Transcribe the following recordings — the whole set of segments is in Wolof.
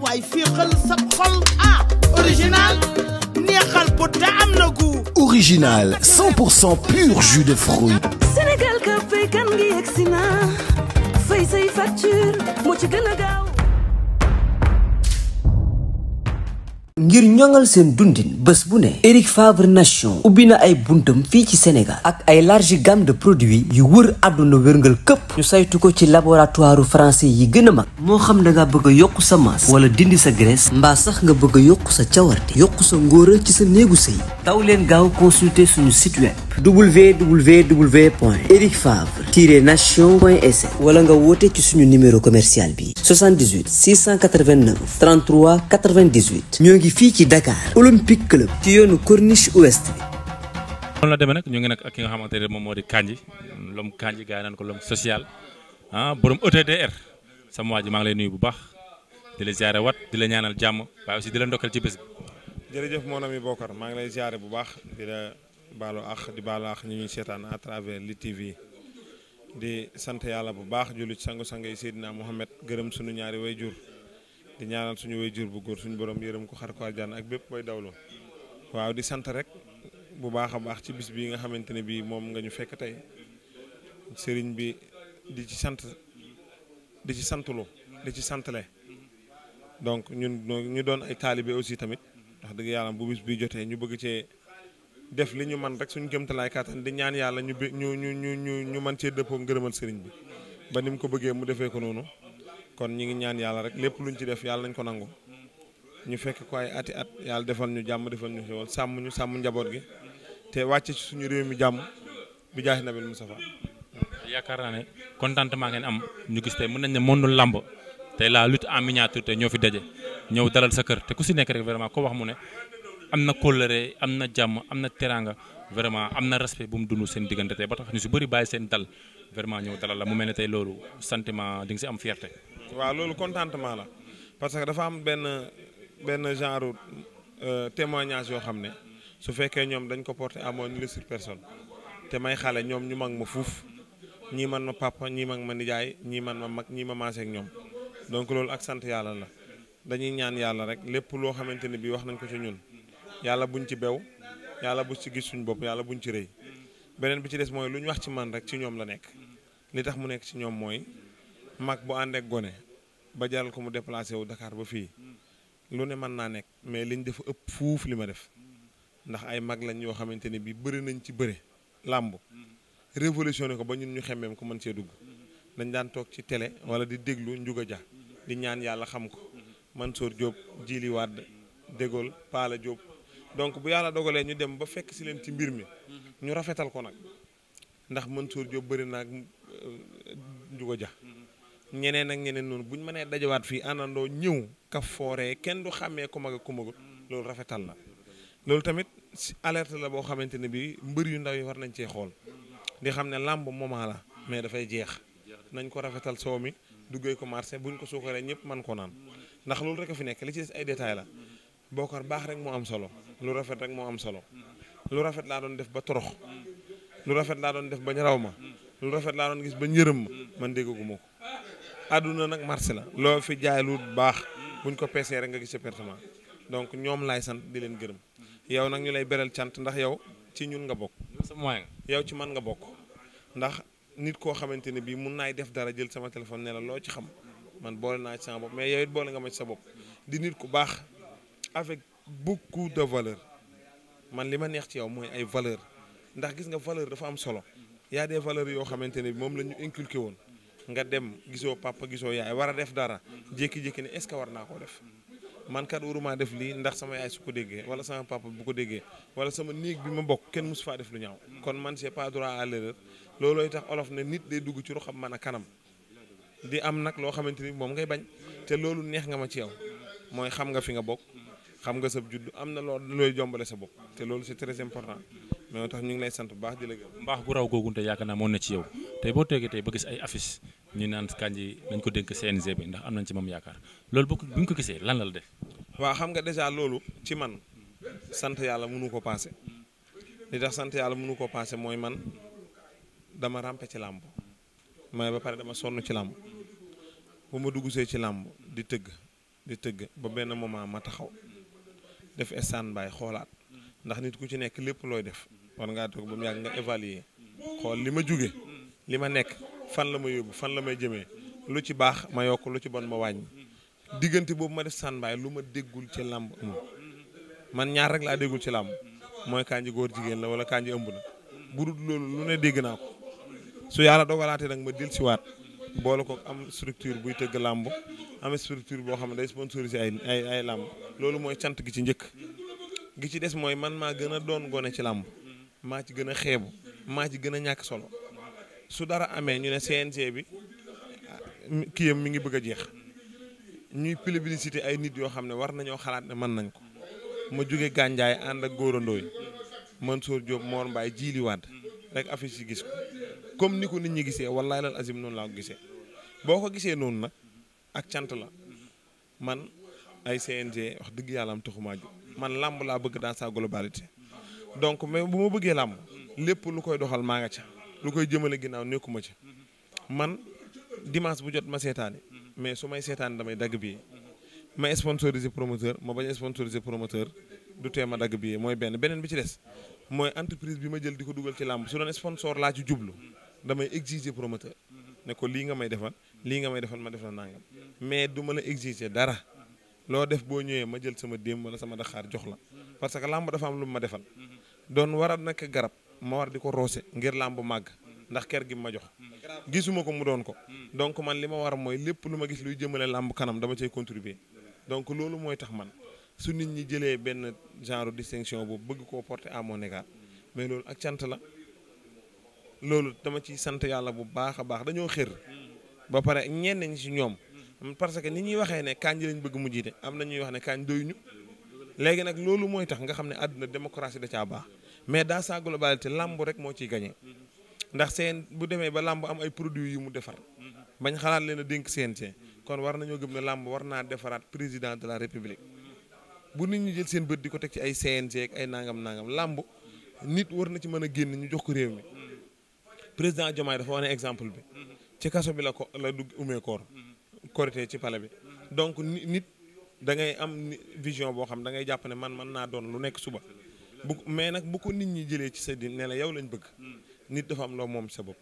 waaye féexal sab xol ah, original neexal bu te am na original pur jus de fruits Sénégal ka fay kan gi yegsi fay say facture ngir ñoŋal seen dundin bés bu ne Eric Favre Nation ubbi na ay buntam fii ci Sénégal ak ay large gamme de produits yu wër àdduna wërngal këpp ñu saytu ko ci laboratoire français yi gën a mag moo xam na nga bëgg a yokk sa masse wala dindi sa graisse mbaa sax nga bëgg a yokk sa cawarte yokk sa ngóora ci sa néegu sëy taw leen gaaw consulter suñu site web www.ericfavre-nation.sn wala nga woote ci suñu numéro commercial bi 78 689 33 98 ñoo ngi bi fii ci Dakar Olympique Club ci yoonu Corniche Ouest bi. noonu la demee nag ñu ngi nag ak ki nga xamante ne moom moo di Kandji lom Kandji gars yi naan ko lom social ah borom ETDR sama waa ji maa ngi lay nuyu bu baax di la ziare wat di la ñaanal jàmm waaye aussi di la ndokkal ci bés bi. jërëjëf mon ami Bokar maa ngi lay ziare bu baax di la baalu àq di baalu àq ñuy seetaan à travers li TV di sant yàlla bu baax jullit sangu sang yi Seydina Mohamed gërëm sunu ñaari way jur di ñaanal suñu way jur bu góor suñu borom yërëm ko xar ko àjjana ak bépp booy dawlu waaw di sant rek bu baax a baax ci bis bi nga xamante ne bii moom nga ñu fekk tey sëriñ bi di ci sant di ci santlu di ci santle donc ñun ñu doon ay taalibe aussi tamit ndax dëgg yàlla bu bis bi jotee ñu bëgg cee def li ñu man rek suñu jëmtalaay kàttan di ñaan yàlla ñu ñu ñu ñu ñu mën cee dëppoo ngërëmal sëriñ bi ba ni mu ko bëggee mu defee ko noonu kon ñi ngi ñaan yàlla rek lépp lu ñu ci def yàlla nañ ko nangu ñu fekk ko ay ati at yàlla defal ñu jàmm defal ñu xéwal sàmm ñu njaboot gi te wàcce ci suñu réew mi jàmm bi jaaxi nabil Mustafa yaakaar naa ne contentement ngeen am ñu gis tey mën nañ ne mënul làmb tey la lut en miniature ñoo fi daje ñëw dalal sa kër te ku si nekk rek vraiment ko wax mu ne am na kóllëre am na jàmm am na teraanga vraiment am na respect bu mu dund seen diggante tey ba tax ñu si bëri bàyyi seen dal vraiment ñëw dalal la mu mel ne tey loolu sentiment di si am fierté. waaw loolu contentement la parce que dafa am benn benn genre euh, témoignage yoo xam ne su fekkee ñoom dañ ko porté amoon une illustre personne te may xale ñoom ñu mag ma fuuf ñii man ma papa ñii mag ma nijaay ñii man ma mag ñii ma maase ak ñoom donc loolu ak sant yàlla la dañuy ñaan yàlla rek lépp loo xamante ne bii wax nañ ko ci ñun yàlla bu ñu ci bew yàlla bu ci gis suñ bopp yàlla bu buñ ci rëy beneen bi ci des mooy lu ñu wax ci man rek ci ñoom la nekk li tax mu nekk ci ñoom mooy mag bu ànd gone ba jaral ko mu déplacé wu Dakar ba fii lu ne mën naa nekk mais liñ dafa ëpp fuuf li ma def ndax ay mag lañ yoo xamante ne bii bëri nañ ci bëre làmb révolutionné ko ba ñun ñu xemmeem ko mën see dugg dañ daan toog ci tele wala di déglu Ndiouga ja di ñaan yàlla xam ko man soor Diop Djili Wade Dégol Paala Diop donc bu yàlla dogalee ñu dem ba fekk si leen ci mbir mi ñu rafetal ko nag ndax Mansour Diop bëri naag euh, Ndiouga ja ñeneen ak ñeneen noonu bu ñu mënee dajawaat fii àndandoo ñëw ka fooree kenn du xàmmee ku mag ak ku loolu rafetal la loolu tamit alerte la boo xamante ne bii mbër yu ndaw yi war nañ cee xool di xam ne làmb moment la mais dafay jeex nañ ko rafetal soow mi duggee ko marché buñ ko suukaree ñëpp mën ko naan ndax loolu rek a fi nekk li ci des ay détails la bokkar baax rek moo am solo lu rafet rek moo am solo lu rafet laa doon def ba torox lu rafet laa doon def ba ñu raw ma lu rafet laa doon gis ba ñërëm ma man déggaguma ko àdduna nag marché la loo fi jaay lu baax bu buñ ko peesee rek nga gis département donc ñoom laay sant di leen gërëm yow nag ñu lay beral cant ndax yow ci ñun nga bokk. yow ci man nga bokk ndax nit koo xamante ne bii mun naay def dara jël sama téléphone ne la loo ci xam man boole naa ci sama bopp mais yow boole nga ma sa bopp di nit ku baax avec beaucoup de valeur man li ma neex ci yow mooy ay valeur ndax gis nga valeur dafa am solo y a des valeurs yoo xamante ne moom la ñu inculqué woon. nga dem gisoo papa gisoo yaay war a def dara jékki-jékki ne est ce que war naa koo def man kat waruma def lii ndax sama yaay su ko déggee wala sama papa bu ko déggee wala sama néeg bi ma bokk kenn mosu faa def lu ñaaw. kon man see pas droit à l'erreur loolooy tax olof ne nit day dugg ci ruxam man a kanam di am nag loo xamante ni moom ngay bañ te loolu neex nga ma ci yow mooy xam nga fi nga bokk xam nga sa judd am na loo looy jombale sa bopp te loolu c'est très important mais ñu ngi lay sant bu baax di la gërëm. mbaax gu raw googunte yaakaar naa ci yow tey boo tegee tey ba gis ay affiches ñu naan Kandji nañ ko dénk CNG bi ndax am nañ ci moom yaakaar loolu bu bu ñu ko gisee lan la la def. waa xam nga dèjà loolu ci man sant yàlla mënu ko paase li tax sant yàlla mënu ko paase mooy man dama ràmpe ci làmb mais ba pare dama sonn ci làmb bu ma dugg ci làmb di tëgg di tëgg ba benn moment ma taxaw def stand by xoolaat ndax nit ku ci nekk lépp looy def war ngaa toog ba mu yàgg nga évaluer xool li ma jóge li ma nekk. fan la ma yóbbu fan la may jëmee lu ci baax ma yokk lu ci bon ma wàññi diggante boobu ma def sànbaay lu ma déggul ci làmb amul man ñaar rek laa déggul ci làmb mooy kanji góor jigéen la wala kanji ëmb la bu dul loolu lu ne dégg naa ko su yàlla dogalaatee nag ma dil si waat boole ko am structure buy tëgg làmb am structure boo xam ne day sponsorisé ay ay ay làmb loolu mooy cant gi ci njëkk gi ci des mooy man maa gën a doon gone ci làmb maa ci gën a xeebu maa ci gën a ñàkk solo su dara amee ñu ne CNG bi kii yam mi ngi bëgg a jeex ñuy publicité ay nit yoo xam ne war nañoo xalaat ne man nañ ko ma jóge gànjaay ànd ak góorandoo yi Mansour Diop Mor mbaay jiili wadd rek affiche yi gis ko comme ni ko nit ñi gisee wallaay lal azim noonu laa ko gisee boo ko gisee noonu nag ak cant la man ay CNG wax dëgg yàlla am taxumaa jóg man làmb laa bëgg dans sa globalité donc mais bu ma bëggee làmb lépp lu koy doxal maa nga ca lu koy jëmale ginnaaw nekkuma ci. man dimanche bu jot ma seetaani. mais su may seetaan damay dagg bii. ma sponsorisé promoteur ma bañ a sponsorisé promoteur du tee ma dagg bii mooy benn beneen bi ci des mooy entreprise bi ma jël di ko dugal ci làmb su doon sponsor laa ci jublu damay exige promoteur. ne ko lii nga may defal lii nga may defal ma def la nangam mais du ma la exiger dara loo def boo ñëwee ma jël sama déem wala sama daxaar jox la parce que làmb dafa am lu ma defal doon waral nag garab. ma war di ko roose ngir làmb màgg ndax ker gi ma jox gisuma ko mu doon ko donc man li ma war mooy lépp lu ma gis luy jëmale làmb kanam dama cay contribuer donc loolu mooy tax man su nit ñi jëlee benn genre distinction boobu bëgg koo porter à mon égard mais loolu ak sant la loolu dama ciy sant yàlla bu baax a baax dañoo xër ba pare ñenn ñi ci ñoom parce que ni ñuy waxee ne kaañ ji lañ bëgg mu jiite am na ñuy wax ne kaañ ñu léegi nag loolu mooy tax nga xam ne àdduna démocratie da caa baax mais dans sa globalité làmb rek moo ciy gagné ndax seen bu demee ba làmbu am ay produits yu mu defar bañ xalaat leen a dénk CNG kon war nañoo gëm ne làmb war naa defaraat président de la république bu nit ñu jël seen bët di ko teg ci ay CNG ak ay nangam nangam làmb nit war na ci mën a génn ñu jox ko réew mi président Diomaye dafa ne exemple bi ci kaso bi la ko la dugg umee koor korite ci pale bi donc nit da ngay am vision boo xam da ngay jàpp ne man mën naa doon lu nekk suba bu mais nag bu ko nit ñi jëlee ci sa din ne la yow lañ bëgg nit dafa am loo moom sa bopp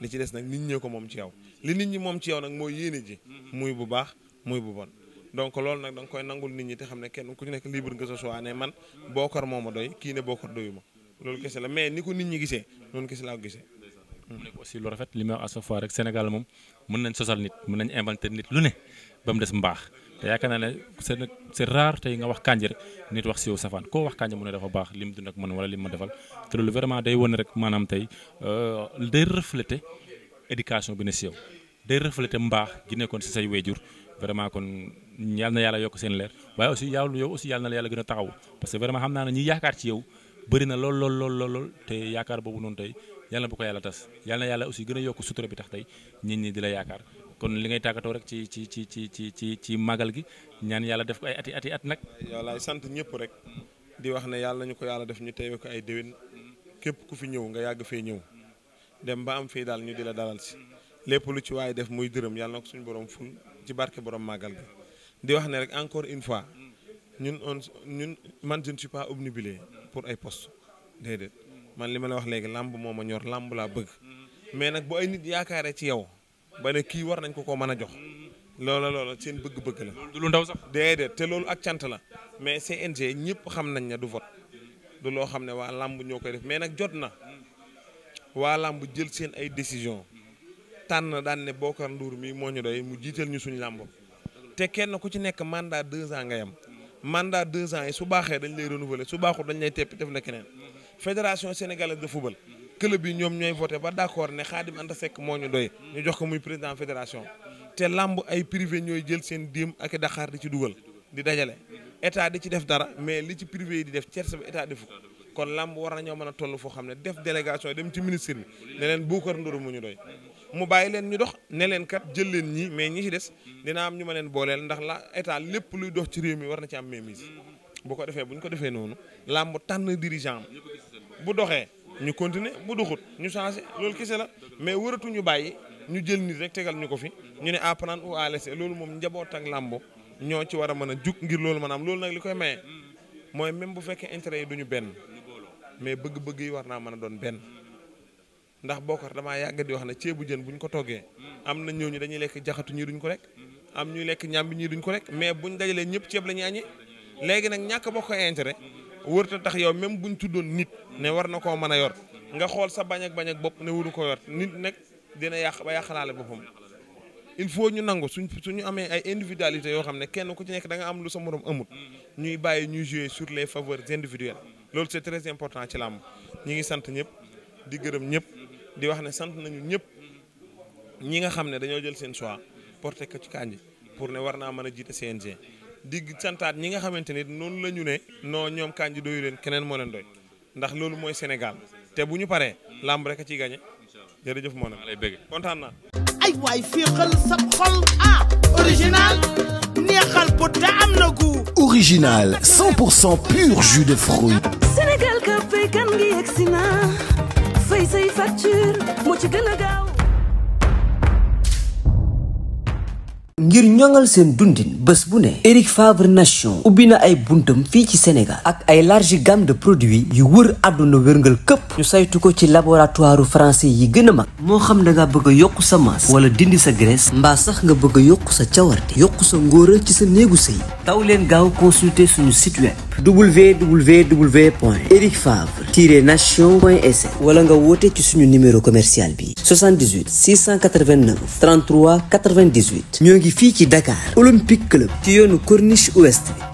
li ci des nag nit ñee ko moom ci yow li nit ñi moom ci yow nag mooy yéene ji muy bu baax muy bu bon donc loolu nag da koy nangul nit ñi te xam ne kenn ku ci nekk libre nga sa choix ne man bookar moo ma doy kii ne bookar doyu ma loolu kese la mais ni ko nit ñi gisee noonu kese laa ko gisee mu lu rafet li ma wax à chaque fois rek Sénégal moom mën nañ sosal nit mën nañ inventé nit lu ne ba mu des mbaax te yaakaar naa ne c'est c'est tey nga wax kànja rek nit wax si yow safaan koo wax kànja mu ne dafa baax lim dund ak man wala lim ma defal te loolu vraiment day wane rek maanaam tey euh, day refléter éducation bi ne si yow day refléter mbaax gi nekkoon si say wéjur vraiment kon yal na yàlla yokk seen leer waaye aussi yàlla yow aussi yàlla na la yàlla gën a taxaw parce que vraiment xam naa ne ñi yaakaar ci yow bëri lool lool lool te yaakaar boobu noonu tey yàlla bu ko yàlla tas yàlla yàlla aussi gën a yokk sutura bi tax tey ñit ñi di la yaakaar kon li ngay tàggatoo rek ci ci ci ci ci ci ci màggal gi ñaan yàlla def ko ay ati ati at nag. yàllaay sant ñëpp rek. di wax ne yàlla ñu ko yàlla def ñu teewe ko ay déwén. képp ku fi ñëw nga yàgg fee ñëw. dem ba am fii daal ñu di la dalal si. lépp lu ci waaye def muy dërëm yàlla na ko suñu borom ful ci barke borom màggal gi. di wax ne rek encore une fois. ñun on ñun man je ne suis pas pour ay poste déedéet man li ma la wax léegi làmb moom ma ñor làmb laa bëgg. mais nag bu ay nit yaakaaree ci yow. ba kii war nañ ko koo mën a jox loola loola seen bëgg-bëgg la. du lu ndaw sax déedéet te loolu ak cant la mais CNG ñëpp xam nañ ne du vot du loo xam ne waa làmb ñoo koy def mais nag jot na waa làmb jël seen ay décision tànn daan ne Bokar Ndour mi moo ñu doy mu jiital ñu suñu làmb te kenn ku ci nekk mandat deux ans nga yam mandat deux ans yi su baaxee dañ lay renouveler su baaxul dañ lay tepp def na keneen fédération sénégalaise de football. club bi ñoom ñooy voté ba d'accord ne Khadim Anta Seck moo ñu doy ñu jox ko muy président fédération te làmb ay privé ñooy jël seen diim ak Dakar di ci dugal di dajale état di ci def dara mais li ci privé yi di def cerce bi état defu kon làmb war nañoo mën a toll foo xam ne def délégation dem ci ministre bi ne leen Boucar Ndour mu ñu doy mu bàyyi leen ñu dox ne leen kat jël leen ñii mais ñi ci des dina am ñu ma leen booleel ndax la état lépp luy dox ci réew mi war na ci am mémise bu ko defee bu ñu ko defee noonu làmb tànn dirigeant bu doxee ñu continuer bu duxut ñu changé loolu kese la mais wëratuñu bàyyi ñu jël nit rek tegal ñu ko fi ñu ne à prendre ou à loolu moom njaboot ak làmbo ñoo ci war a mën a jug ngir loolu maanaam loolu nag li koy maye mooy même bu fekkee intérêt yi duñu benn mais bëgg-bëgg yi war naa mën a doon benn ndax bokkar damaa yàgg di wax na ceebu jën bu ñu ko toggee am na ñooñu dañuy lekk jaxatu ñii duñ ko rek am ñuy lekk ñàmbi ñii duñ ko rek mais buñ dajalee ñëpp ceeb la ñuy añee léegi nag ñàkk bokk intérêt wërta tax yow même buñ tuddoon nit ne war na koo mën a yor nga xool sa bañ ak bañ ak bopp ne waru ko yor nit nag dina yàq ba yàqalaale boppam il faut ñu nangu suñ ñu amee ay individualité yoo xam ne kenn ku ci nekk danga am lu sa morom amut ñuy bàyyi ñu jouer sur les faveurs individuelles loolu c'est très important ci làmb ñi ngi sant ñëpp di gërëm ñëpp di wax ne sant nañu ñëpp ñi nga xam ne dañoo jël seen choix porté ko ci Kandji pour ne war naa mën a jiite CNG di santaat ñi nga xamante ni noonu la ñu ne non ñoom Kandji doyu leen keneen moo leen doy ndax loolu mooy Sénégal te bu ñu paree làmb rek a ciy gañe jërëjëf moo na lay bëgg kontaan ay waay féexal sab xol ah original neexal pot te am na original pur jus de fruits Sénégal ka fay kan ngi yegsi na fay say facture moo ci gën a gaaw ngir ñoŋal seen dundin bés bu ne Eric Favre Nation ubbi na ay buntam fii ci Sénégal ak ay large gamme de produits yu wër àdduna wërngal këpp ñu saytu ko ci laboratoire français yi gën a mag moo xam da bëgg a yokk sa masse wala dindi sa graisse mbaa sax nga bëgg a yokk sa cawarte yokk sa ngóora ci sa néegu sëy daw leen gaaw consulter suñu site web www point Eric Favre tiret nation point sn wala nga woote ci suñu numéro commercial bi 78 689 33 98 ñoo ngi fii ci Dakar Olympique Club ci yoonu Corniche Ouest bi